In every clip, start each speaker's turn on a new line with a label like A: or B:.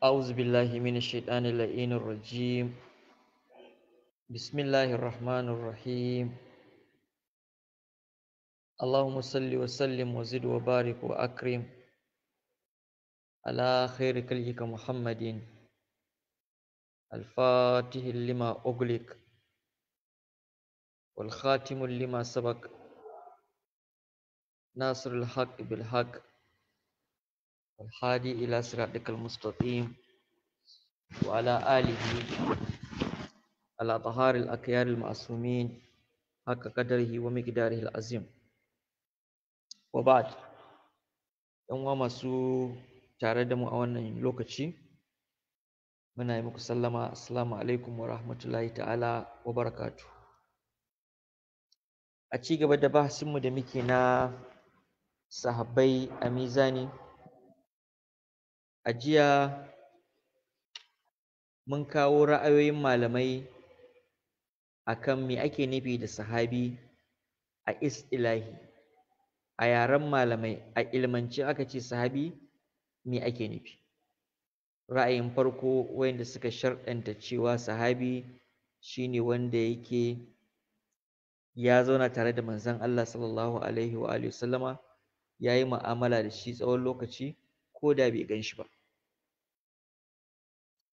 A: أعوذ بالله من الشيطان اللعين الرجيم بسم الله الرحمن الرحيم اللهم صل وسلم وزد وبارك وأكرم على خير كليك محمد الفاتح لما أغلق والخاتم لما سبق ناصر الحق بالحق والحادي إلى صراطك المستقيم وعلى آله على طهار الأكيار المعصومين حق قدره ومقداره العظيم وبعد يوم masu tare da mu a wannan lokaci muna yi muku sallama assalamu alaikum wa rahmatullahi ta'ala wa barakatu a ci gaba da bahasinmu da muke na sahabbai a mizani a jiya mun kawo ra'ayoyin malamai a kan me ake nufi da sahabi a isilahi a yaren malamai a ilmance aka ce sahabi me ake nufi ra'ayin farko wayanda suka sharɗanta cewa sahabi shine wanda yake ya zauna tare da manzon Allah sallallahu alaihi wa ya yayi ma'amala da shi tsawon lokaci ko da bai gan shi ba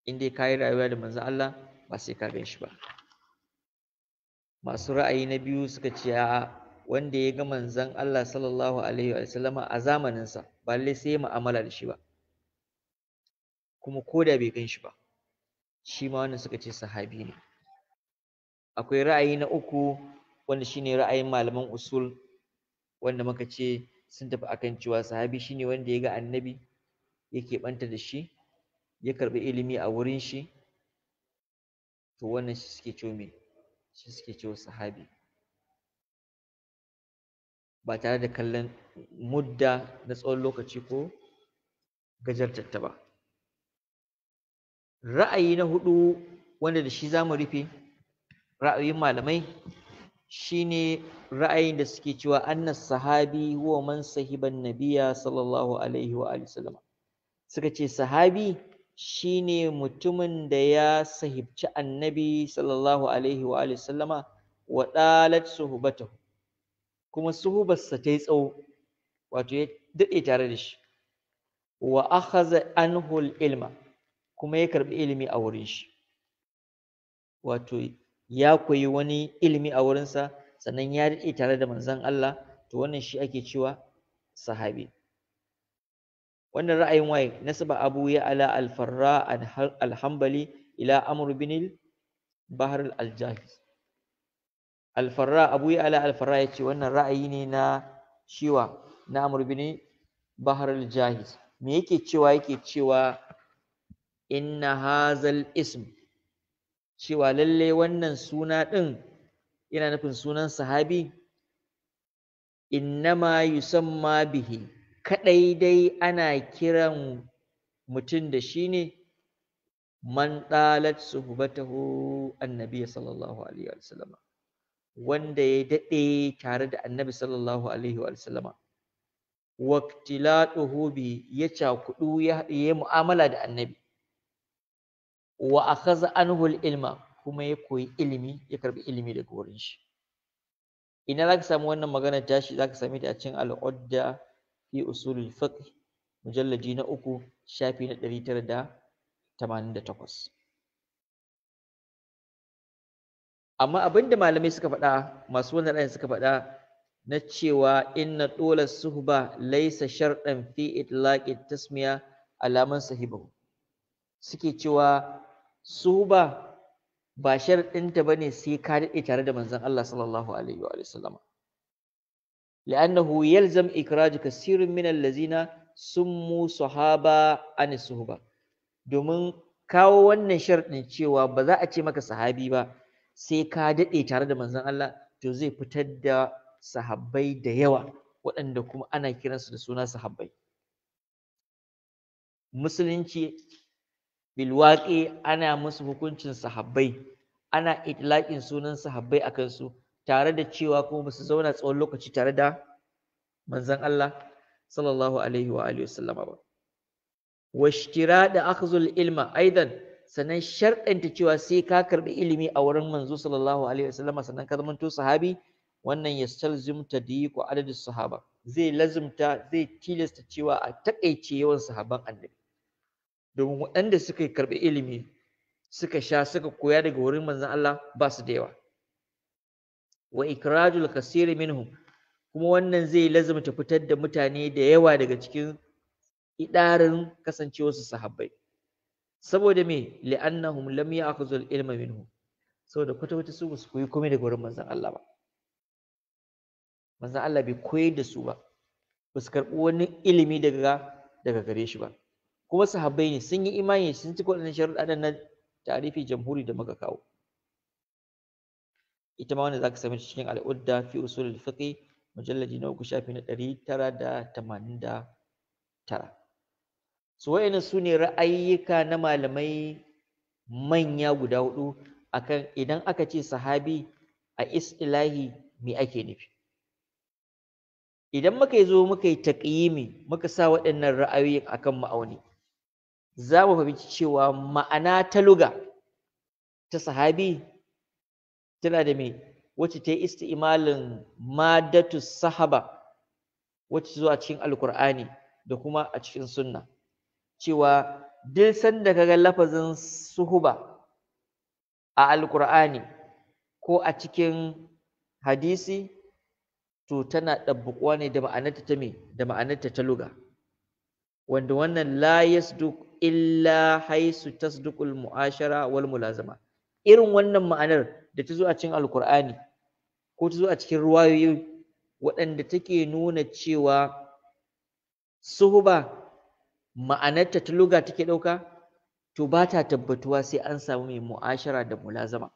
A: in dai kayi rayuwa da manzon Allah ba sai ka gan shi ba masu ra'ayi na biyu suka ce a wanda ya ga manzon Allah sallallahu alaihi wa sallama a zamanin sa ba lalle sai ya mu'amala da shi ba kuma ko bai gan shi ba shi ma wannan suka ce sahabi ne akwai ra'ayi na uku wanda shine ra'ayin malaman usul wanda muka ce sun tafi akan cewa sahabi shine wanda ya ga annabi yake banta da shi ya karɓi ilimi a wurin shi to wannan shi suke ciwo me shi suke ciwo sahabi ba tare da kallon mudda na tsawon lokaci ko gajartatta ba ra'ayi na hudu wanda da shi zamu rufe ra'ayin malamai shine ra'ayin da suke cewa annas sahabi huwa man sahiban nabiya sallallahu alaihi wa alihi suka ce sahabi shine mutumin da ya sahibci annabi sallallahu alaihi wa alihi sallama wa dalat suhbatahu kuma suhubarsa ta yi tsawo wato ya daɗe tare da shi wa akhaza anhu ilma kuma ya karbi ilimi a wurin shi wato ya koyi wani ilimi a wurinsa sannan ya daɗe tare da manzon Allah to wannan shi ake cewa sahabi wannan ra'ayin waye nasaba abu ya ala al alhambali ila amr bin bahr al-jahi abu ya ala al-farra yace wannan ra'ayi ne na shiwa na amr bin bahr al me yake cewa yake cewa inna hazal ism cewa lalle wannan suna din yana nufin sunan sahabi innama yusamma bihi kaɗai dai ana kiran mutum da shi ne man ɗalat suhubatahu annabi sallallahu alaihi wa wanda ya daɗe tare da annabi sallallahu alaihi wa sallama Waktila bi ya cakuɗu ya yi mu'amala da annabi wa akhadha anhu ilma kuma ya koyi ilimi ya karbi ilimi daga wurin shi ina zaka samu wannan magana tashi zaka same ta a cikin al'adda fi usulul fiqh mujallaji na uku shafi na ɗari tara da tamanin da takwas amma abinda malamai suka faɗa masu wannan ra'ayin suka faɗa na cewa inna dola suhba laisa sharɗan fi itlaqi tasmiya alaman sahibu suke cewa suhba ba sharɗinta ba ne sai ka daɗe tare da manzon Allah sallallahu alaihi wa sallama لأنه يلزم إخراج كثير من الذين سموا صحابة عن الصحبة domin kawo wannan sharɗin cewa ba za a ce maka sahabi ba sai ka daɗe tare da manzon Allah to zai fitar da sahabbai da yawa waɗanda kuma ana kiransu da suna sahabbai musulunci bilwaƙi ana musu hukuncin sahabbai ana itlaƙin sunan sahabbai a kansu tare da cewa kuma ba zauna tsawon lokaci tare da manzon Allah sallallahu alaihi wa alihi wasallama ba wa da akhzul ilma aidan sannan sharɗanta cewa sai ka karɓi ilimi a wurin manzo sallallahu alaihi wasallama sannan ka zamanto sahabi wannan yastalzim tadiku adadin sahaba zai lazimta zai tilasta cewa a takaice yawan sahaban annabi domin waɗanda suka karɓi ilimi suka sha suka koya daga wurin manzon Allah ba su da yawa wa ikrajul kasiri minhum kuma wannan zai lazumta fitar da mutane da yawa daga cikin idarin kasancewarsu sahabbai saboda me li'annahum lam al ilma minhum saboda kwata kwata su su koyi komai daga wurin manzon Allah ba manzon Allah bai koyar da su ba su karɓi wani ilimi daga daga gare shi ba kuma sahabbai ne sun yi imani sun ci waɗannan sharuɗa na tarifi jamhuri da muka kawo ita ma wanda zaka sami cikin al'udda fi usul al mujalladi na uku shafi na ɗari tara da tamanin da tara su su ne ra'ayyuka na malamai manya guda hudu akan idan aka ce sahabi a istilahi me ake nufi idan muka zo muka yi taƙiyimi muka sa waɗannan ra'ayoyin akan ma'auni za mu fahimci cewa ma'ana ta luga ta sahabi tana da me wacce ta yi isti'malin madatu sahaba wacce zuwa cikin alkur'ani da kuma a cikin sunna cewa duk sanda ga lafazin suhuba a alkur'ani ko a cikin hadisi to tana ɗabbuƙuwa ne da ma'anarta ta me da ma'anarta ta luga wanda wannan la yasduq illa haisu tasduqul mu'ashara wal mulazama irin wannan ma'anar da ta zo a cikin alkur'ani ko ta zo a cikin ruwayoyi waɗanda take nuna cewa suhuba ma'anarta ta luga take ɗauka to ba ta tabbatuwa sai an samu mai mu'ashara da mulazama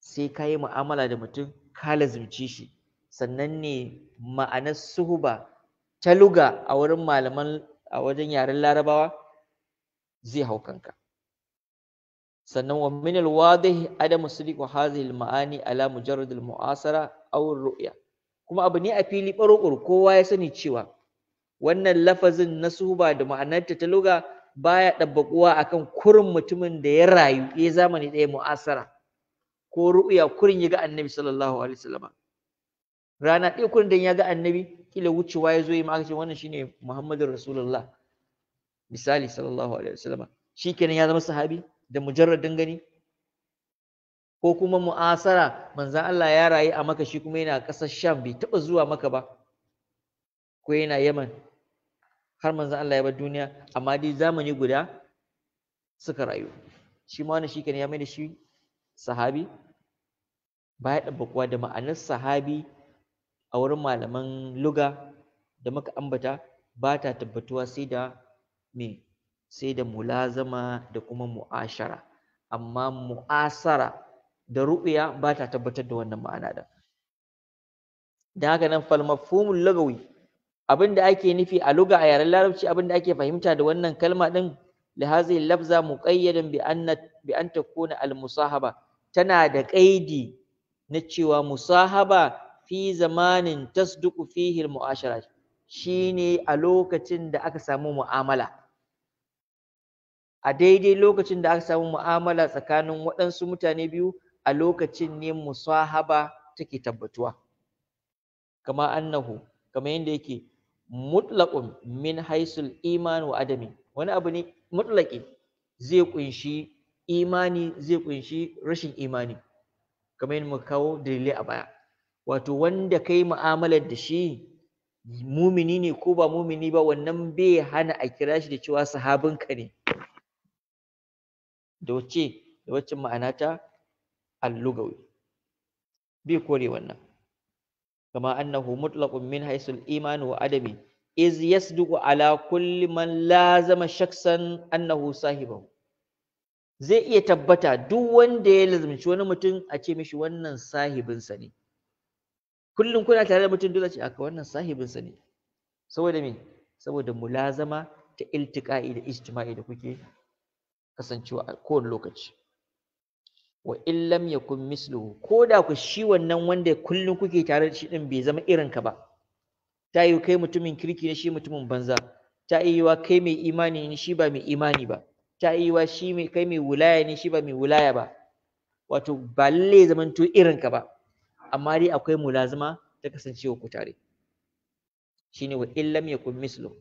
A: sai ka yi mu'amala da mutum ka lazimci shi sannan ne ma'anar suhuba ta luga a wurin malaman a wajen yaren larabawa zai hau kanka sannan wa min alwadih adamu sidiqu hadhihi almaani ala mujarrad Mu'asara, aw ruya kuma abu ne a fili barokor kowa ya sani cewa wannan lafazin na ba da ma'anarta ta luga baya dabbakuwa akan kurin mutumin da ya rayu ya zamani ɗaya mu'asara ko ru'ya kurin ya ga annabi sallallahu alaihi wasallam rana ɗaya kurin da ya ga annabi kila wucewa ya zo yi maka wannan shine muhammadur Rasulullah misali sallallahu alaihi wasallam shikenan ya zama sahabi da mujarradin gani ko kuma mu'asara manzan Allah ya rayu a maka shi kuma yana ƙasar sham bai taɓa zuwa maka ba ko yana yaman har manzan Allah ya bar duniya amma dai zamani guda suka rayu shi ma wani shi ya mai da shi sahabi ba ya kuwa, da ma'anar sahabi a wurin malaman luga da muka ambata ba ta tabbatuwa sai da me sai da mulazama da kuma mu'ashara amma mu'asara da ru'ya ba ta tabbatar da wannan ma'ana da da haka nan fal mafhumul abin abinda ake nufi a luga a yaren larabci abin da ake fahimta da wannan kalma din li hadhihi lafza muqayyadan bi anna bi an takuna al musahaba tana da kaidi na cewa musahaba fi zamanin tasduqu fihi al mu'ashara shine a lokacin da aka samu mu'amala a daidai lokacin da aka samu mu'amala tsakanin waɗansu mutane biyu a lokacin ne musahaba take tabbatuwa kama annahu kama yadda yake mutlaqun min haisul iman wa adami wani abu ne mutlaqi zai kunshi imani zai kunshi rashin imani kamar yadda muka kawo dalilai a baya wato wanda kai mu'amalar da shi mumini ne ko ba mumini ba wannan bai hana a kira shi da cewa sahabinka ne da wacce da wacce ma'ana ta allugawi bi kore wannan kama annahu mutlaqun min haythul iman wa adami iz yasduqu ala kulli man lazama shaksan annahu sahibahu zai iya tabbata duk wanda ya lazumci wani mutum a ce mishi wannan sahibinsa ne kullum kuna tare da mutum dole ce aka wannan sahibinsa ne saboda me saboda mulazama ta iltiqa'i da ijtima'i da kuke kasancewa a kowane lokaci wa illam yakun misluhu ko da ku shi wannan wanda kullum kuke tare da shi din bai zama irin ka ba ta yi kai mutumin kirki ne shi mutumin banza ta iya kai mai imani ne shi ba mai imani ba ta iya shi mai kai mai wulaya ne shi ba mai wulaya ba wato ba lalle zamanto irin ka ba amma dai akwai mulazima ta kasancewa ku tare shine wa illam yakun misluhu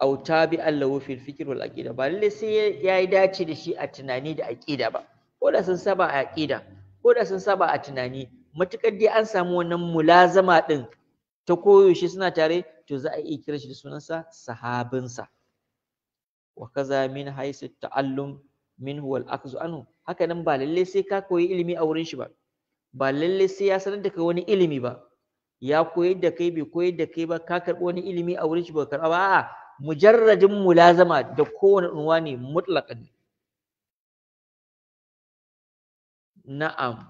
A: Au tabi allahu fil fikr wal aqida ba lalle sai yayi dace da shi a tunani da aqida ba ko da sun saba a aqida ko da sun saba a tunani matukar dai an samu wannan mulazama din ta koyo shi suna tare to za a iya kira shi da sunansa sahabinsa wa kaza min haisu ta'allum huwa al akzu anhu haka nan ba lalle sai ka koyi ilimi a wurin shi ba ba lalle sai ya sanar da kai wani ilimi ba ya koyar da kai bai koyar da kai ba ka karɓi wani ilimi a wurin shi ba karɓa ba a'a mujarradin mulazama da kowane unwani mutlaqan na'am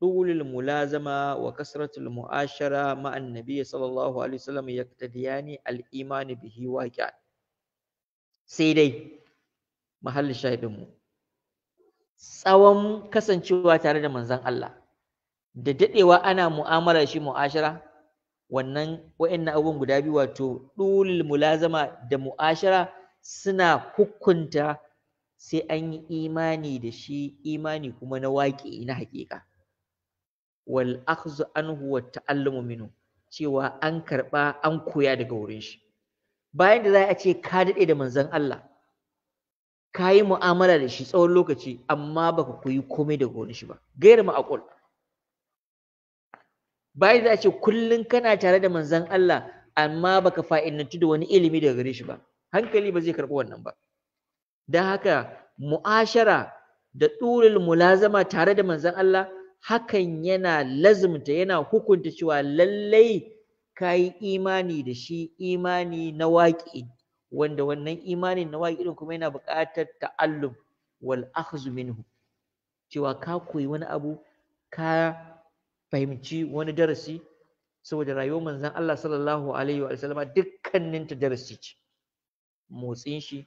A: tulul mulazama wa kasratul mu'ashara ma'an nabiy sallallahu alaihi wasallam yaqtadiyani al-iman bihi waqi'a sai dai mahallin shahidin mu tsawon kasancewa tare da manzon Allah da dadewa ana mu'amala shi mu'ashara wannan wa'annan abubuwan guda biyu wato dulul mulazama da mu'ashara suna hukunta sai an yi imani da shi imani kuma na waƙi na haƙiƙa wal akhzu anhu wa ta'allamu minhu cewa an karɓa an koya daga wurin shi bayan da za a ce ka daɗe da manzon Allah ka yi mu'amala da shi tsawon lokaci amma baka koyi komai daga wurin shi ba gairu ma'aqul bai za ce kullum kana tare da manzon Allah amma baka fa'inantu da wani ilimi daga gare shi ba hankali ba zai karɓi wannan ba don haka mu'ashara da ɗuril mulazama tare da manzon Allah hakan yana lazumta yana hukunta cewa lallai ka yi imani da shi imani na waƙi wanda wannan imanin na waƙi ɗin kuma yana buƙatar ta'allum wal akhzu minhu cewa ka koyi wani abu ka fahimci wani darasi saboda rayuwar manzon Allah sallallahu alaihi wa sallama dukkanin ta darasi ce motsin shi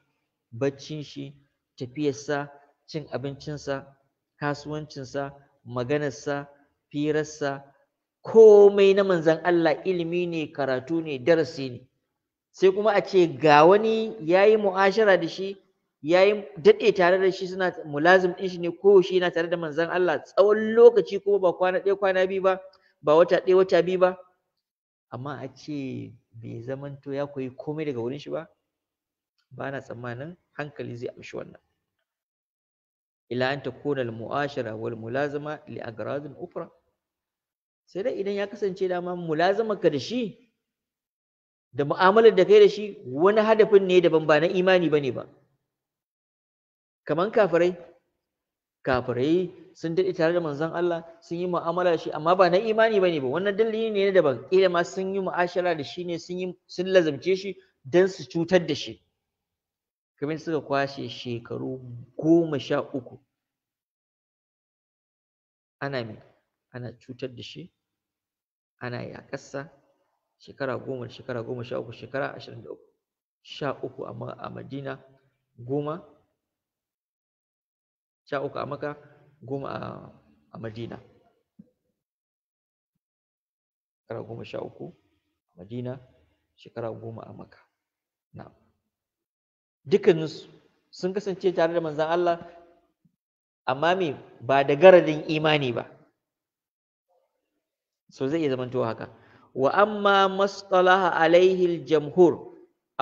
A: baccin shi tafiyarsa cin abincinsa kasuwancinsa maganarsa firarsa komai na manzon Allah ilimi ne karatu ne darasi ne sai kuma a ce ga wani ya yi mu'ashara da shi yayi daɗe tare da shi suna mulazim din shi ne ko shi yana tare da manzon Allah tsawon lokaci kuma ba kwana ɗaya kwana biyu ba ba wata ɗaya wata biyu ba amma a ce bai zamanto ya koyi komai daga wurin shi ba ba na tsammanin hankali zai amshi wannan ila an takuna al mu'ashara wal mulazama li agradin ukra sai dai idan ya kasance dama mulazama ka da shi da mu'amalar da kai da shi wani hadafin ne daban ba na imani bane ba kaman kafirai kafirai sun daɗe tare da manzon Allah sun yi mu'amala da shi amma ba na imani bane ba wannan dalili ne daban kila ma sun yi mu'ashara da shi ne sun yi sun lazamce shi dan su cutar da shi kamar suka kwashe shekaru goma sha uku ana mai ana cutar da shi ana yakarsa shekara goma shekara goma sha uku shekara ashirin da uku sha uku a madina goma sha uku a maka goma a madina shekara goma sha uku a madina shekara goma a maka na dukkaninsu sun kasance tare da manzan Allah amma me ba da garadin imani ba so zai iya zamantowa haka wa amma mastalaha alaihi jamhur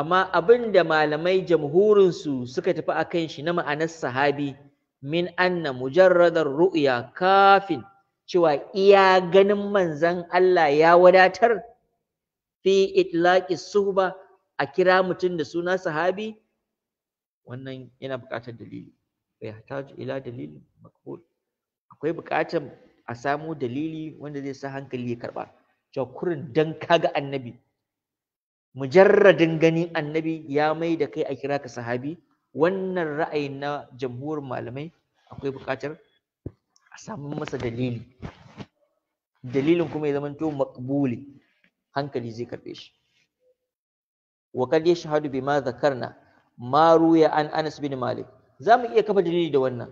A: amma abin da malamai jamhurinsu suka tafi a kan shi na ma'anar sahabi min anna mujarradar ru'ya kafin cewa iya ganin manzan Allah ya wadatar fi itlaqi suhba a kira mutum da suna sahabi wannan yana buƙatar dalili bai hataju ila dalilin makbul akwai buƙatar a samu dalili wanda zai sa hankali ya karba cewa kurin dan kaga annabi mujarradin ganin annabi ya mai da kai a kira ka sahabi wannan ra'ayi na jamhurin malamai akwai buƙatar a samu masa dalili dalilin kuma ya zamanto makbuli hankali zai karɓe shi wa kad yashhadu bima zakarna ma ruya an Anas bin Malik zamu iya kafa dalili da wannan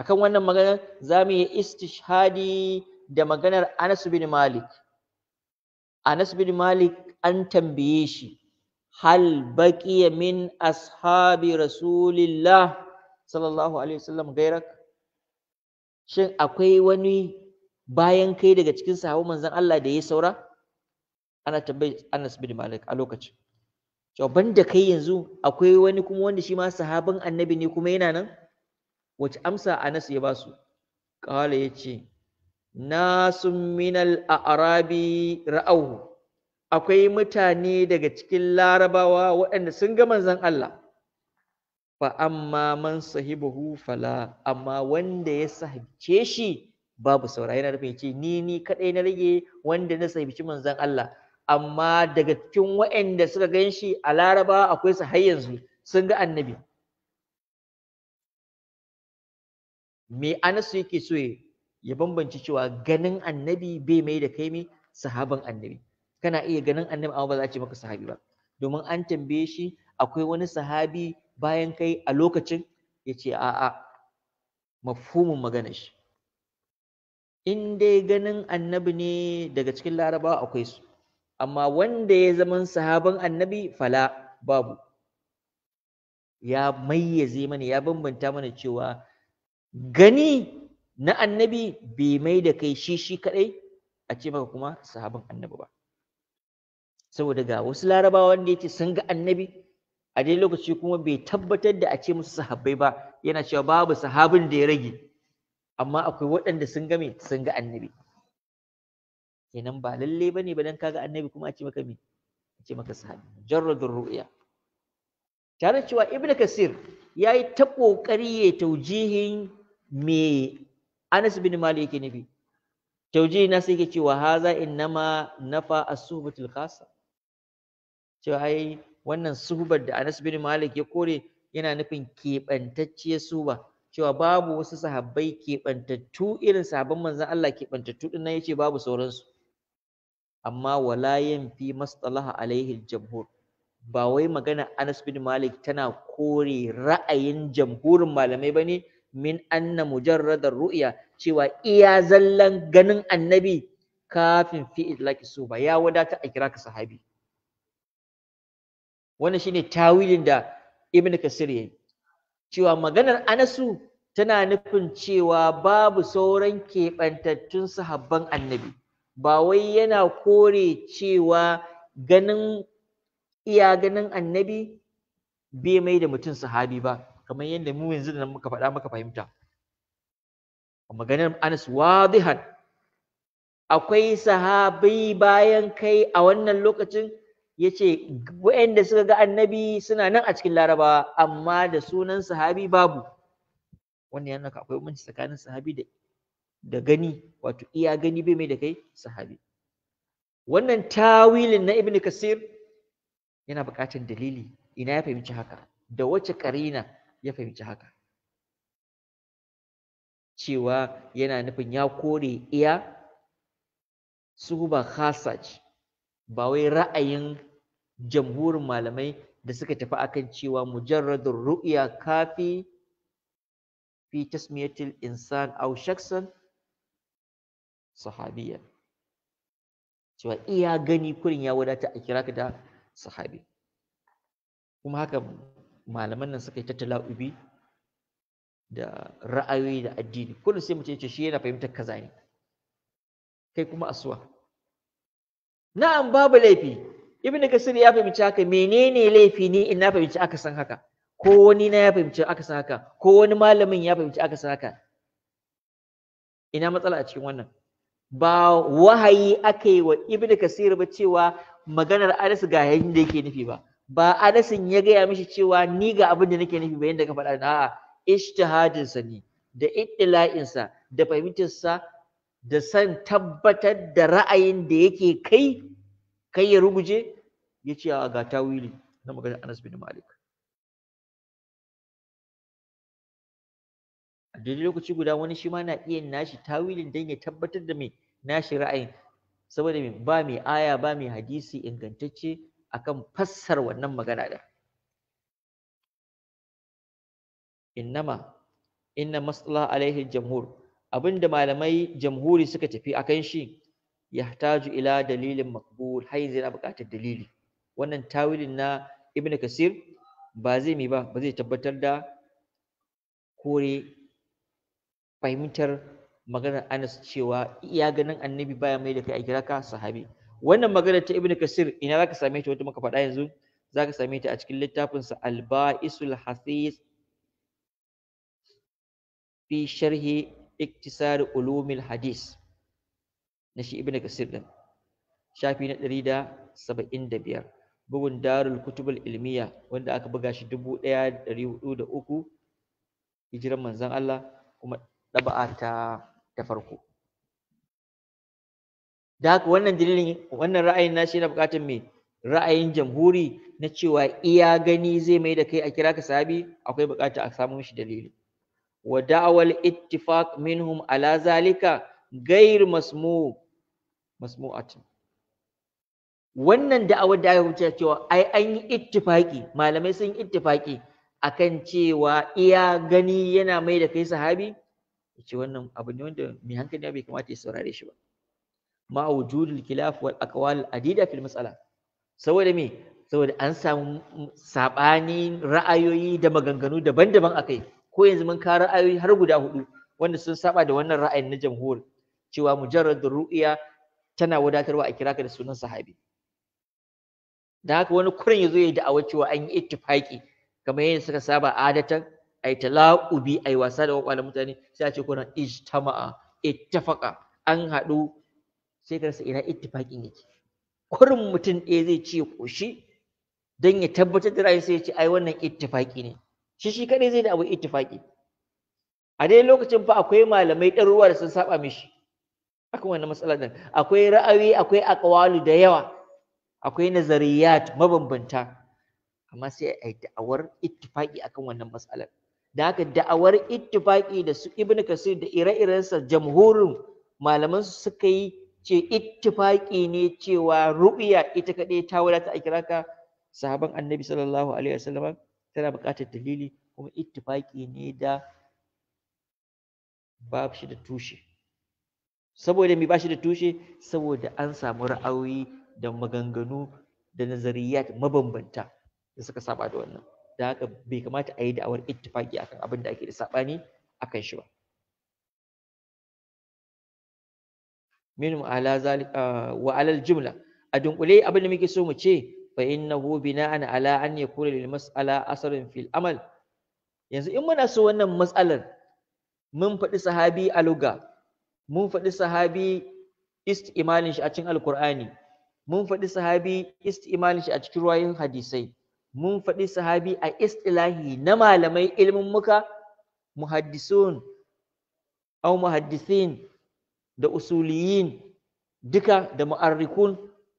A: akan wannan magana zamu yi istishhadi da maganar Anas bin Malik Anas bin Malik an tambaye shi hal baqiya min ashabi rasulillah sallallahu alaihi wasallam gairak shin akwai wani bayan kai daga cikin sahabban manzon Allah da ya saura ana tambayi Anas bin Malik a lokacin to banda kai yanzu akwai wani kuma wanda shi ma sahabin annabi ne kuma yana nan wace amsa Anas ya basu qala yace nasum minal a'rabi ra'ahu akwai mutane daga cikin larabawa waɗanda sun ga manzon Allah fa amma man sahibuhu fala amma wanda ya sahibce shi babu saura yana nufin ce ni ni kadai na rage wanda na sahibci manzon Allah amma daga cikin waɗanda suka gan shi a laraba akwai su har yanzu sun ga annabi me anasu yake so ya bambanci cewa ganin annabi bai mai da kai sahaban annabi kana iya ganin annabi amma ba za a ce maka sahabi ba domin an tambaye shi akwai wani sahabi bayan kai a lokacin ya ce a'a mafhumin maganar shi in dai ganin annabi ne daga cikin larabawa akwai su amma wanda ya zama sahaban annabi fala babu ya mayyaze mana ya bambanta mana cewa gani na annabi bai mai da kai shi shi kadai a ce maka kuma sahabin annabi ba saboda ga wasu larabawa wanda yake sun ga annabi a dai lokaci kuma bai tabbatar da a ce musu sahabbai ba yana cewa babu sahabin da ya rage amma akwai waɗanda sun game sun ga annabi kenan ba lalle bane ba dan kaga annabi kuma a ce maka me a ce maka sahabi jarradur ru'ya tare cewa ibnu kasir yayi ta kokari ya taujihin me Anas bin Malik yake nabi taujihi na sai yake cewa haza innama nafa as khassa cewa ai wannan suhubar da Anas bin Malik ya kore yana nufin keɓantacciyar suba cewa babu wasu sahabbai keɓantattu irin sahabban manzon Allah keɓantattu din nan yace babu sauransu amma wala fi mastalaha alaihi jamhur ba wai magana Anas bin Malik tana kore ra'ayin jamhurin malamai bane min anna mujarradar ru'ya cewa iya zallan ganin annabi kafin fi idlaki ba. ya wadata a kira ka sahabi wannan shine tawilin da ibn kasir yayi cewa maganar anasu tana nufin cewa babu sauran keɓantattun sahabban annabi ba wai yana kore cewa ganin iya ganin annabi bai mai da mutum sahabi ba kamar yadda mu yanzu nan muka faɗa muka fahimta maganar Anas wadihan akwai sahabai bayan kai a wannan lokacin ya ce waɗanda suka ga annabi suna nan a cikin laraba amma da sunan sahabi babu wannan yana akwai umarci tsakanin sahabi da da gani wato iya gani bai mai da kai sahabi wannan tawilin na ibnu kasir yana buƙatar dalili ina ya fahimci haka da wace karina ya fahimci haka cewa yana nufin ya kore iya su ba khasa ba wai ra'ayin jamhurin malamai da suka tafi akan cewa mujarradur ru'ya kafi fi tasmiyatil insan aw shakhsan sahabiyan cewa iya gani kurin ya wadata a kira ka da sahabi kuma haka malaman nan suka yi tattala ubi da ra'ayoyi da addini kullum sai mutum ya ce shi yana fahimtar kaza ne kai kuma asuwa na'am babu laifi ibnu kasir ya fahimci haka menene laifi ne in na fahimci aka san haka ko wani na ya fahimci aka san haka ko wani malamin ya fahimci aka san haka ina matsala a cikin wannan ba wahayi aka yi wa ibnu kasir ba cewa maganar anas ga yayin yake nufi ba ba anasin ya gaya mishi cewa ni ga abin da nake nufi ba yadda ka faɗa a'a ijtihadin sa ne da ittila'in da fahimtar da san tabbatar da ra'ayin da yake kai kai ya ruguje ya ce ga tawili na maganar Anas bin Malik a daidai lokaci guda wani shi ma na iya nashi tawilin don ya tabbatar da mai nashi ra'ayin saboda mai ba mai aya ba mai hadisi ingantacce akan fassar wannan magana da innama inna masala alaihi jamhur Abin da malamai jamhuri suka tafi a kan shi ya yahtaju ila dalilin maqbul hay zai buƙatar dalili wannan tawilin na ibnu kasir ba zai mai ba ba zai tabbatar da kore fahimtar maganar Anas cewa iya ganin annabi baya mai da kai a kira ka sahabi wannan magana ta Ibn Kasir ina zaka same ta wata muka faɗa yanzu zaka same ta a cikin littafin sa Al-Ba'isul Hasis fi sharhi iktisar ulumil hadis na shi ibn kasir din shafi na 175 bugun darul kutubul ilmiya wanda aka buga shi 1403 hijiran manzon Allah kuma daba'a ta ta farko da haka wannan dalilin wannan ra'ayin nashi yana bukatar me ra'ayin jamhuri na cewa iya gani zai mai da kai a kira ka sahabi akwai bukata a samu mishi dalili wa da'awal ittifaq minhum ala zalika gair masmu masmu'atin wannan da'awar da aka wuce cewa ai an yi ittifaki malamai sun yi ittifaki akan cewa iya gani yana mai da kai sahabi ce wannan abu ne wanda mai hankali bai kamata ya saurare shi ba ma wujudul khilaf wal aqwal adida fil mas'ala saboda me saboda an samu sabani ra'ayoyi da maganganu daban-daban akai ko yanzu mun kare ayoyi har guda hudu wanda sun saba da wannan ra'ayin na jamhur cewa mujarrad ru'ya tana wadatarwa a kiraka da sunan sahabi da haka wani ya yazo yayi da'awa cewa an yi ittifaqi kamar yadda suka saba adatan ai tala'ubi ai wasa da kwakwalen mutane sai a ce kuna ijtama'a ittafaqa an haɗu sai ka rasa ina ittifaqin yake kurin mutum ɗaya zai ce shi don ya tabbatar da ra'ayi sai ya ce ai wannan ittifaqi ne shi shi kadai zai da abu ittifaki a dai lokacin fa akwai malamai ruwa da sun saba mishi akan wannan matsalar nan akwai ra'ayi akwai aqwalu da yawa akwai nazariyat mabambanta amma sai a yi da'awar ittifaki akan wannan matsalar da haka da'awar ittifaki da su ibnu kasir da ire-irensa jamhurin malaman su suka yi ce ittifaki ne cewa ru'ya ita kadai ta wadata a kiraka sahaban annabi sallallahu alaihi wasallam tana buƙatar dalili kuma ittifaki ne da ba shi da tushe saboda me ba shi da tushe saboda an samu ra'ayoyi da maganganu da nazariyat mabambanta da suka saba da wannan da haka bai kamata a yi da'awar ittifaki akan abin da ake da saɓani akan shi ba Min ala zalika ah, wa alal jumla a dunkule abin da muke so mu ce fa innahu bina'an ala an yakuna lil mas'ala asarun fil amal yanzu in muna so wannan matsalar mun faɗi sahabi a mun faɗi sahabi istimalin shi a cikin alkur'ani mun faɗi sahabi istimalin shi a cikin ruwayin hadisai mun faɗi sahabi a istilahi na malamai ilmin muka muhaddisun au muhaddisin da usuliyin duka da mu'arrikun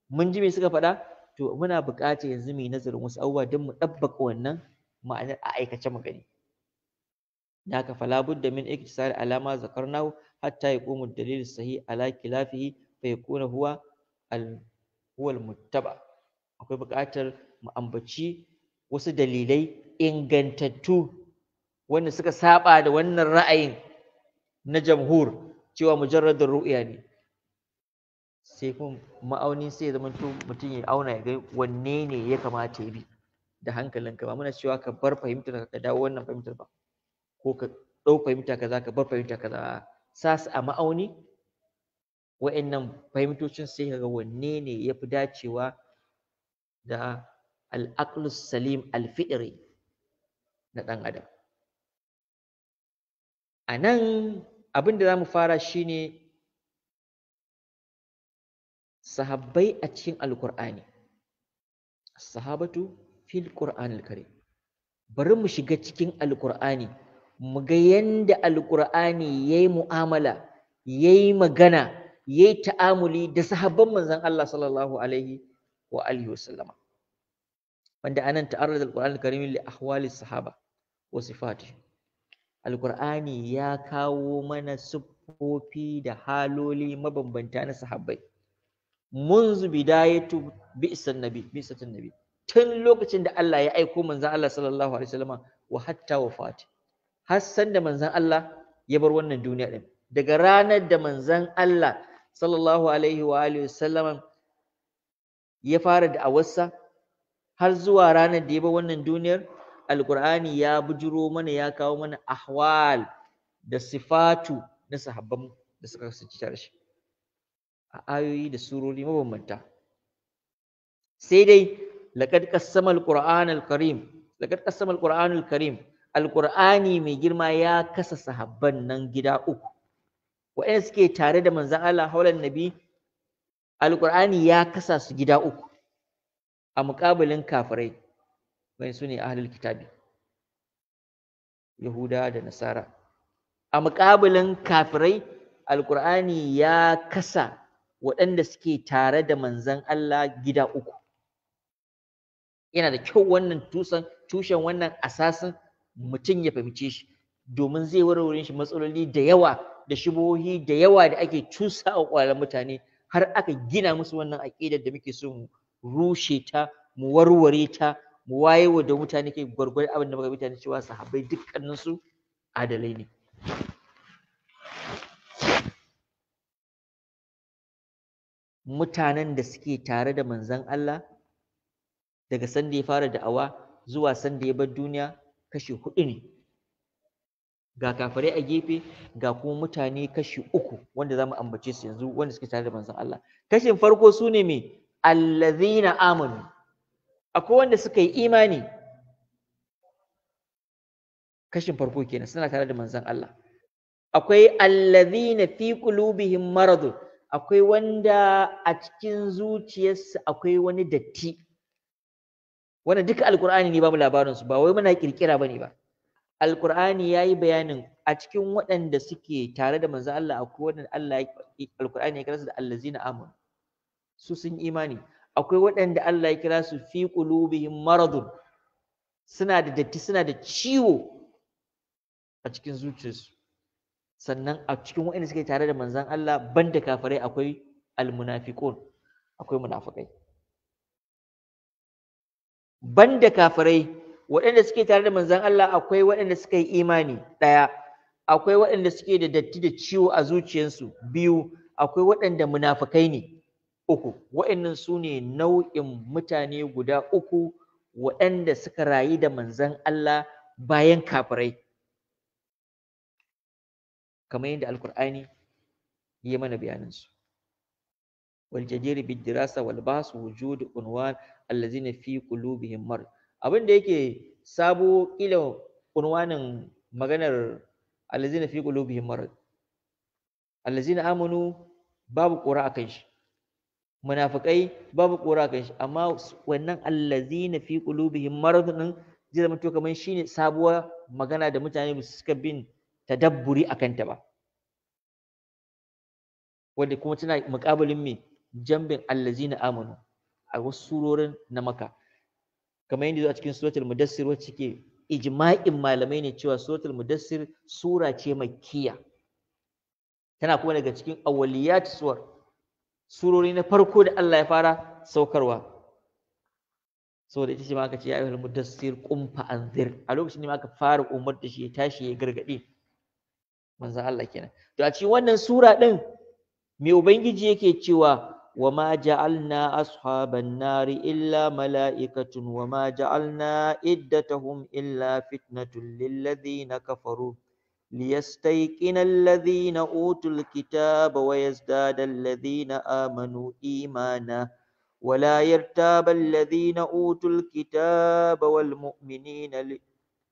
A: mun ji me suka faɗa to muna buƙatar yanzu mu yi nazarin wasu abubuwa don mu ɗabbaka wannan ma'anar a aikace mu gani naka fala budda min iktisar alama zakarnahu hatta yaqumu ad-dalil sahih ala khilafihi fa yakuna huwa al huwa al-muttaba akwai buƙatar mu ambaci wasu dalilai ingantattu wanda suka saba da wannan ra'ayin na jamhur cewa mujarradin ru'ya ne sai kuma ma'auni sai ya zama mutum ya auna ya ga wanne ne ya kamata ya bi da hankalinka ba muna cewa ka bar fahimtar ka dawo wannan fahimtar ba ko ka ɗau fahimta kaza ka bar fahimta kaza sa su a ma'auni wa'annan fahimtocin sai ka ga wanne ne ya fi dacewa da al'aqlu salim alfidiri na ɗan adam a nan abin da za mu fara shine sahabbai a cikin alkur'ani sahabatu fil qur'an karim bari mu shiga cikin alkur'ani mu ga yanda alkur'ani yayi mu'amala yayi magana yayi ta'amuli da sahabban manzon Allah sallallahu alaihi wa alihi wasallama wanda anan ta'arrada alkur'anil karim li ahwali sahaba wa sifati alkur'ani ya kawo mana siffofi da haloli mabambanta na sahabbai منذ بداية بئس النبي بئسة النبي tun lokacin da Allah ya aiko manzan Allah sallallahu wa hatta wafati har da manzan Allah ya bar wannan duniya din daga ranar da manzan Allah sallallahu ya fara da awarsa har zuwa ranar da ya bar wannan duniyar alqur'ani ya bujiro mana ya kawo mana ahwal da sifatu na sahabban da suka kasance shi a ayoyi da surori mabambanta sai dai laqad qassama alquran alkarim laqad qassama alquran alkarim alqurani mai girma ya kasa sahabban nan gida uku wa'anda suke tare da manzan Allah haulan nabi alqurani ya kasa su gida uku a muƙabilin kafirai wani su ne ahlul kitabi yahuda da nasara a muƙabilin kafirai alƙur'ani ya kasa waɗanda suke tare da manzan Allah gida uku yana da kyau wannan tusan tushen wannan asasin mutum ya fahimce shi domin zai warware shi matsaloli da yawa da shibohi da yawa da ake cusa a ƙwalar mutane har aka gina musu wannan aƙidar da muke so mu rushe ta mu warware ta mu wayewa da mutane ke gwargwadon abin da muka mutane cewa sahabbai dukkaninsu adalai ne mutanen da suke tare da manzan Allah daga sanda ya fara da'awa zuwa sanda ya bar duniya kashi hudu ne ga kafirai a gefe ga kuma mutane kashi uku wanda za mu ambace su yanzu wanda suke tare da manzan Allah kashin farko su ne me allazina amanu akwai wanda suka yi imani kashin farko kenan suna tare da manzan Allah akwai allazina fi qulubihim maradun akwai wanda a cikin zuciyarsa akwai wani datti wanda duka alkur'ani ne bamu labarin su ba wai muna kirkira ne ba alkur'ani yayi bayanin a cikin waɗanda suke tare da manzo Allah akwai wanda Allah ya alkur'ani ya kira da allazina amun su sun imani akwai waɗanda Allah ya kira su fi qulubihim maradun suna da datti suna da ciwo a cikin zuciyarsu sannan a cikin waɗanda suke tare da manzan Allah banda kafirai akwai almunafiqun akwai munafikai banda kafirai waɗanda suke tare da manzan Allah akwai waɗanda suka yi imani ɗaya akwai waɗanda suke da datti da ciwo a zuciyarsu biyu akwai waɗanda munafukai ne uku waɗannan su ne nau'in mutane guda uku waɗanda suka rayu da manzan Allah bayan kafirai kamar yadda alkur'ani yi mana bayaninsu wal jadiri bid dirasa wal basu wujud unwan allazina fi qulubihim mar abin da yake sabo kila unwanin maganar allazina fi qulubihim mar allazina amanu babu qura akan shi munafikai babu kora kan shi amma wannan allazina fi qulubihim maradun zai zama to kaman shine sabuwa magana da mutane suka bin tadabburi a kanta ba wanda kuma tana muƙabalin me jambin allazina amanu a wasu surorin na maka kamar yadda a cikin suratul mudassir wacce ke ijma'in malamai ne cewa suratul mudassir sura ce makkiya tana kuma daga cikin awwaliyat suwar surori na farko da Allah ya fara saukarwa saboda ita ce ma aka ce ya ayyuhal mudassir qum anzir a lokacin da ma aka fara umar da shi ya tashi ya gargade manzon Allah kenan to a cikin wannan sura din me ubangiji yake cewa wa ma ja'alna ashaban nari illa mala'ikatun wa ma ja'alna iddatahum illa fitnatun lil ladina kafaru ليستيقن الذين أوتوا الكتاب ويزداد الذين آمنوا إيمانا ولا يرتاب الذين أوتوا الكتاب والمؤمنين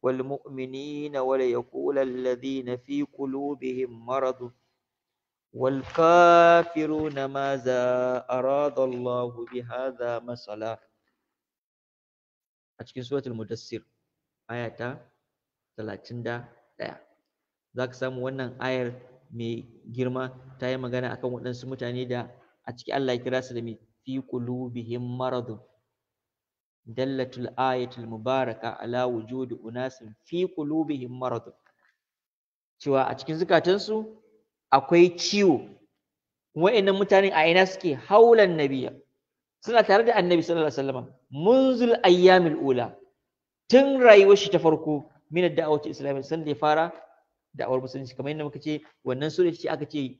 A: والمؤمنين وليقول الذين في قلوبهم مرض والكافرون ماذا أراد الله بهذا مثلا أتكين سورة المدثر آياتا 31 zaka samu wannan ayar mai girma ta yi magana akan waɗansu mutane da a ciki Allah ya kira su da mai fi dallatul ayatul mubaraka ala wujudi unasin fi qulubihim maradun cewa a cikin zikatansu akwai ciwo wa'annan mutane a ina suke haulan nabiya suna tare da annabi sallallahu alaihi wasallam munzul ayyamil ula tun rayuwar shi ta farko min da'awati islamiyyah san da ya fara da'awar musulunci kamar yadda muka ce wannan sura ce aka ce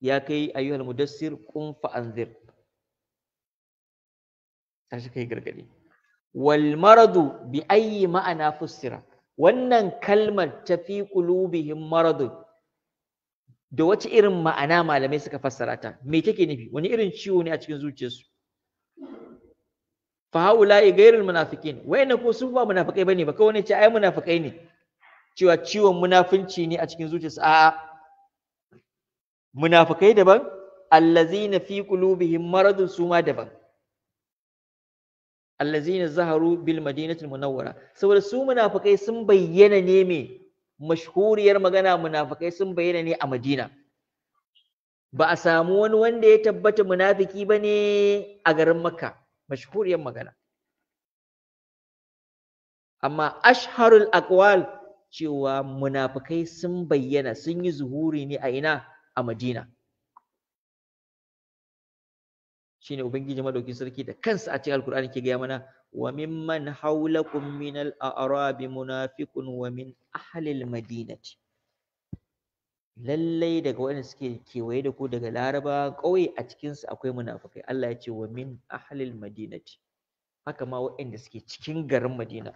A: ya kai ayyuhal mudassir qum fa anzir ta shi kai gargadi wal maradu bi ayyi ma'ana fussira wannan kalmar ta fi qulubihim maradu. da wace irin ma'ana malamai suka fassara ta me take nufi wani irin ciwo ne a cikin zuciyarsu fa haula'i ghairul munafiqin na ko su ba munafikai bane ba kawai ne ce ai munafikai ne cewa ciwon munafunci ne a cikin zuciyarsu a'a munafikai daban allazina fi qulubihim maradun suma daban allazina zaharu bil madinatil munawwara saboda su munafikai sun bayyana ne me mashhuriyar magana munafikai sun bayyana ne a Madina ba a samu wani wanda ya tabbata munafiki bane a garin Makka mashhuriyar magana amma ashharul aqwal cewa munafikai sun bayyana sun yi zuhuri ne a ina a Madina shine ubangiji madaukin sarki da kansa a cikin alkur'ani ke gaya mana wa mimman haulakum minal a'rabi munafiqun wa min al madinati lallai daga wanda suke kewaye da ku daga laraba kauye a cikinsu akwai munafikai Allah ya ce wa min al madinati haka ma waɗanda suke cikin garin madina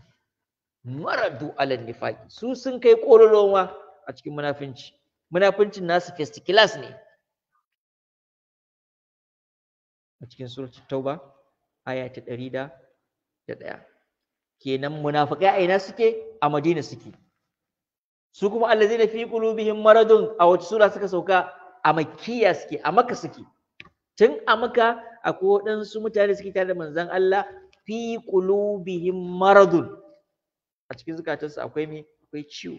A: maradu ala nifaqi su sun kai kololoma a cikin munafinci munafincin nasu first class ne a cikin surat tauba aya ta ɗari da ɗaya kenan munafikai a ina suke a madina suke su kuma allazina fi qulubihim maradun a wata sura suka sauka a makkiya suke a makka suke tun a makka akwai waɗansu mutane suke tare da manzon Allah fi qulubihim maradun a cikin zukatansu akwai me akwai ciwo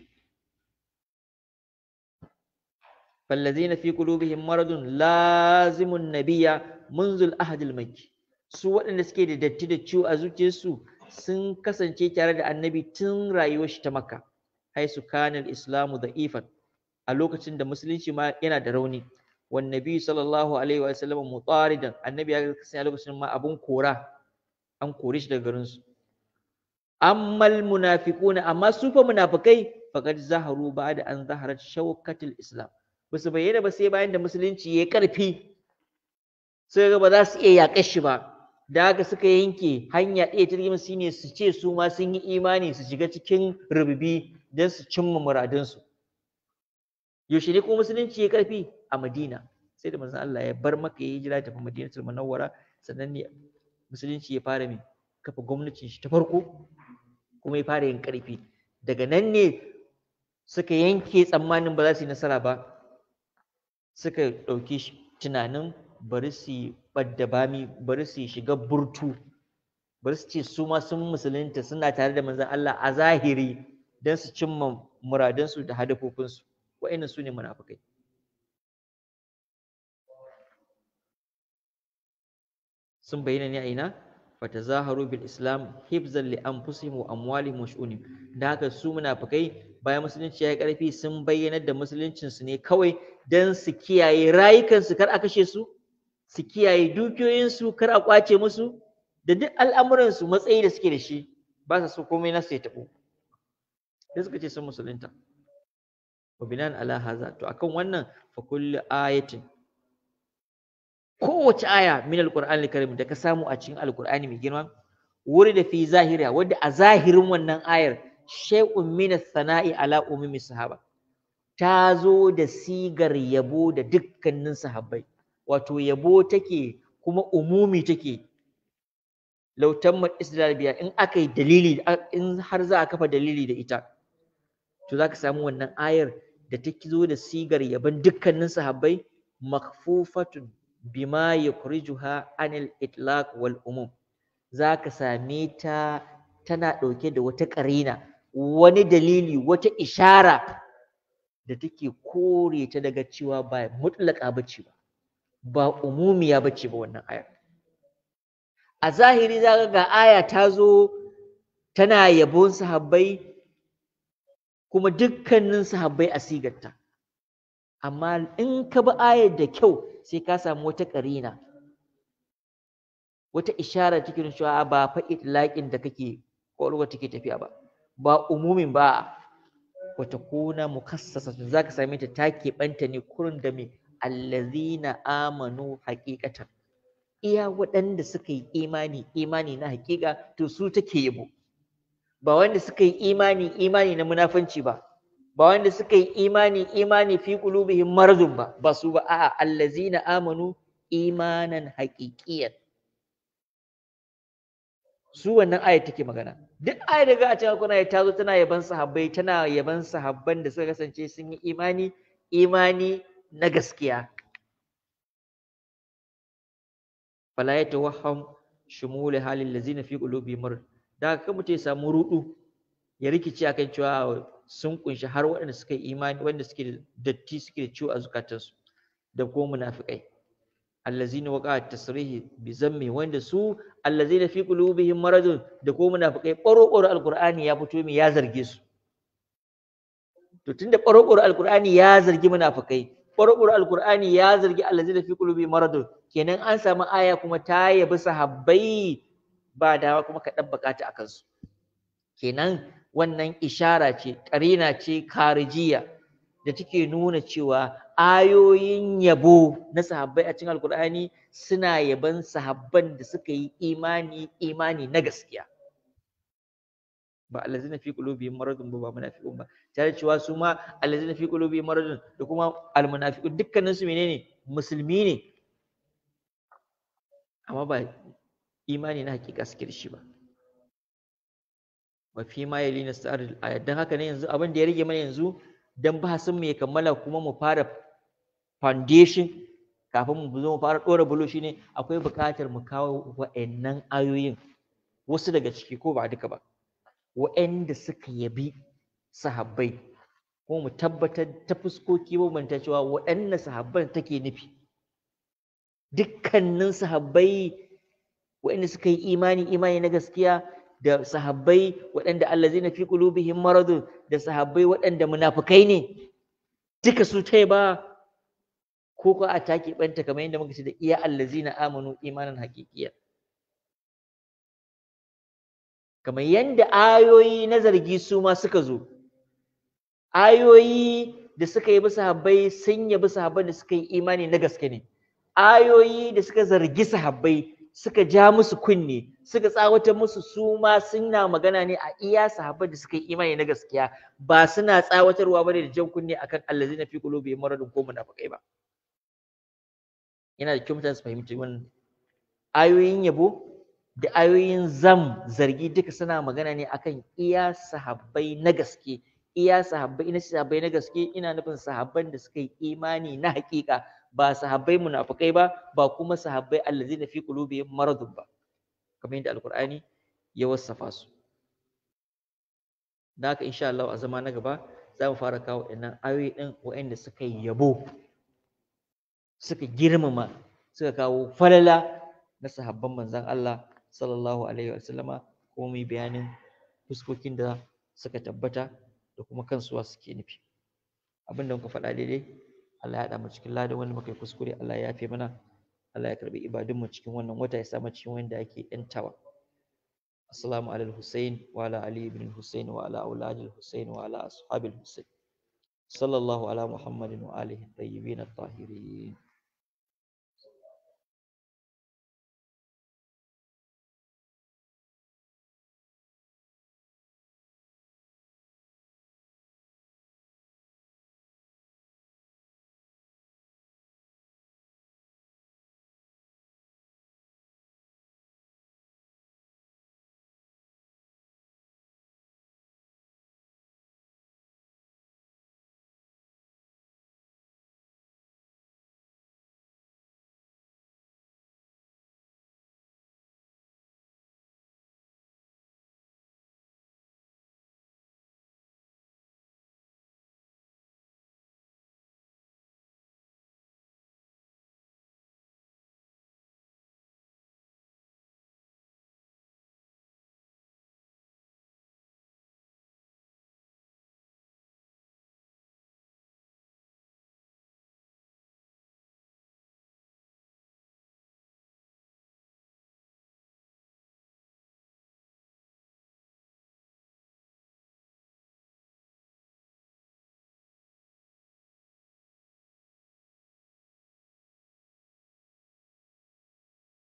A: فالذين في قلوبهم مرض لازم النبي munzul ahadil makki su waɗanda suke da datti da ciwo a zuciyarsu sun kasance tare da annabi tun rayuwar shi ta makka su kanal islamu da ifan a lokacin da musulunci ma yana da rauni wan nabi sallallahu alaihi wa sallam mutaridan annabi ya kasance a lokacin ma abun kora an kore shi daga garin su ammal munafiquna amma su fa munafikai faqad zaharu ba'da an zaharat shawkatul islam basu bayyana ba sai bayan da musulunci yayi karfi sai ga ba za su iya yaƙe shi ba da haka suka yanke hanya ɗaya ta rigima shine su ce su ma sun yi imani su shiga cikin rububi don su cimma muradunsu yaushe ne kuma musulunci ya karfi a madina sai da manzon Allah ya bar maka ya jira tafi madinatul munawwara sannan ne musulunci ya fara mai kafa gwamnatin shi ta farko kuma ya fara yin karfi daga nan ne suka yanke tsammanin ba za su yi nasara ba suka ɗauki tunanin bari su ɓadda bami bari su shiga burtu bari su ce su ma sun musulunta suna tare da manzon Allah a zahiri don su cimma muradansu da hadafofinsu wa'annan su ne munafukai sun bayyana ne a ina fatazaharu bil islam hifzan li anfusihim wa amwalihim wa da haka su munafukai? bayan musulunci ya karfi sun bayyana da musuluncinsu ne kawai don su kiyaye rayukansu kar a kashe su su kiyaye dukiyoyinsu kar a kwace musu da duk al'amuransu matsayi da suke da shi ba su so komai na sai taɓo sai suka ce sun musulunta wa binan ala haza to akan wannan fa kullu ayatin kowace aya min alqur'an alkarim da ka samu a cikin alqur'ani mai girma wuri da fi zahiriya wanda a zahirin wannan ayar shay'un min as-sana'i ala ummi sahaba ta zo da sigar yabo da dukkanin sahabbai wato yabo take kuma umumi take lautan tammat istidlal biya in akai dalili in har za a kafa dalili da ita to zaka samu wannan ayar da ta zo da sigar yaban dukkanin sahabbai makfufatun bima yukrijuha anil itlaq wal umum zaka same ta tana ɗauke da wata ƙarina wani dalili wata ishara da take kore ta daga cewa ba mutlaka bace ba ba umumiya ba ce ba wannan ayar a zahiri za ga aya ta zo tana yabon sahabbai kuma dukkanin sahabbai a sigarta amma in ka bi ayar da kyau sai ka samu wata karina wata ishara cikin cewa ba fa laƙin da kake kwalwa take tafiya ba ba umumin ba wata kuna mukassasa zaka same ta ta keɓanta ne kurin da me allazina amanu haqiqatan iya waɗanda suka yi imani imani na haƙiƙa to su take yabo ba wanda suka yi imani imani na munafanci ba ba wanda suka yi imani imani fi qulubihim maradun ba ba su ba a'a allazina amanu imanan haqiqiyan su wannan aya take magana duk aya daga a cikin kuna ta zo tana yaban sahabbai tana yaban sahabban da suka kasance sun yi imani imani na gaskiya fala ya tawahham shumul halil lazina fi qulubi mur da ka mutum ya samu rudu ya rikici akan cewa sun kunshi har waɗanda suka yi imani wanda suke da datti suke da ciwo a zukatansu da ko munafikai allazina waqa tasrihi bi zammi wanda su allazina fi qulubihim maradun da ko munafikai ɓaro alqur'ani ya fito mi ya zarge su to tunda ɓaro alqur'ani ya zargi munafikai ɓarɓar alkur'ani ya zargi allazina fi qulubi maradun kenan an samu aya kuma ta yabi sahabbai ba dawa kuma ka dan bukata akan su kenan wannan ishara ce karina ce karijiya da take nuna cewa ayoyin yabo na sahabbai a cikin alkur'ani suna yaban sahabban da suka yi imani imani na gaskiya ba allazina fi qulubihim maradun ba munafiqun ba tare cewa su ma allazina fi qulubihim maradun da kuma almunafiqun dukkanin su menene musulmi ne amma ba imani na hakika suke da shi ba wa fi ma yali sa'ar ayat dan haka ne yanzu abin da ya rage mana yanzu dan bahasin mu ya kammala kuma mu fara foundation kafin mu zo mu fara dora bulo shine akwai bukatar mu kawo wa'annan ayoyin wasu daga ciki ko ba duka ba wa'anda suka yabi sahabbai ko mu tabbatar ta fuskoki banta cewa waɗannan sahabban take nufi dukkanin sahabbai waɗanda suka yi imani imani na gaskiya da sahabbai waɗanda Allah zai fi qulubihim maradun da sahabbai waɗanda munafukai ne duka su ta ba ko ko a take banta kamar yadda muka ce da iya allazina amanu imanan haqiqiyya kamar yadda ayoyi na zargi su ma suka zo ayoyi da suka yi bisa habbai sun yi yabi sahabar da suka yi imani na gaske ne ayoyi da suka zargi su habbai, suka ja musu kunne suka tsawata musu su ma suna magana ne a iya sahabban da suka yi imani na gaskiya ba suna tsawatarwa bane da jan kunne akan na fi qulubihim maradun ko munafakai ba yana da kyau mutane su fahimci wannan ayoyin yabo da ayoyin zam zargi duka suna magana ne akan iya sahabbai na gaske iya sahabbai ina sahabbai na gaske ina nufin sahabban da suka yi imani na hakika ba sahabbai munafikai ba ba kuma sahabbai allazina fi qulubihim maradun ba kamar yadda alqur'ani ya wasafa su dan haka insha Allah a zama na gaba za mu fara kawo ɗannan ayoyi din wa'anda suka yabo suka girmama suka kawo falala na sahabban manzon Allah sallallahu alaihi wasallama kuma mai bayanin fuskokin da suka tabbata da kuma kansuwa suke nufi abin da muka faɗa daidai Allah ya damu cikin ladan wanda muka yi kuskure Allah ya yafe mana Allah ya karɓi mu cikin wannan wata ya samu cikin wanda yake yantawa assalamu alal husain wa ala ali ibn al-husayn wa ala auladi al husain wa ala al husain sallallahu ala muhammadin wa alihi tayyibin at-tahirin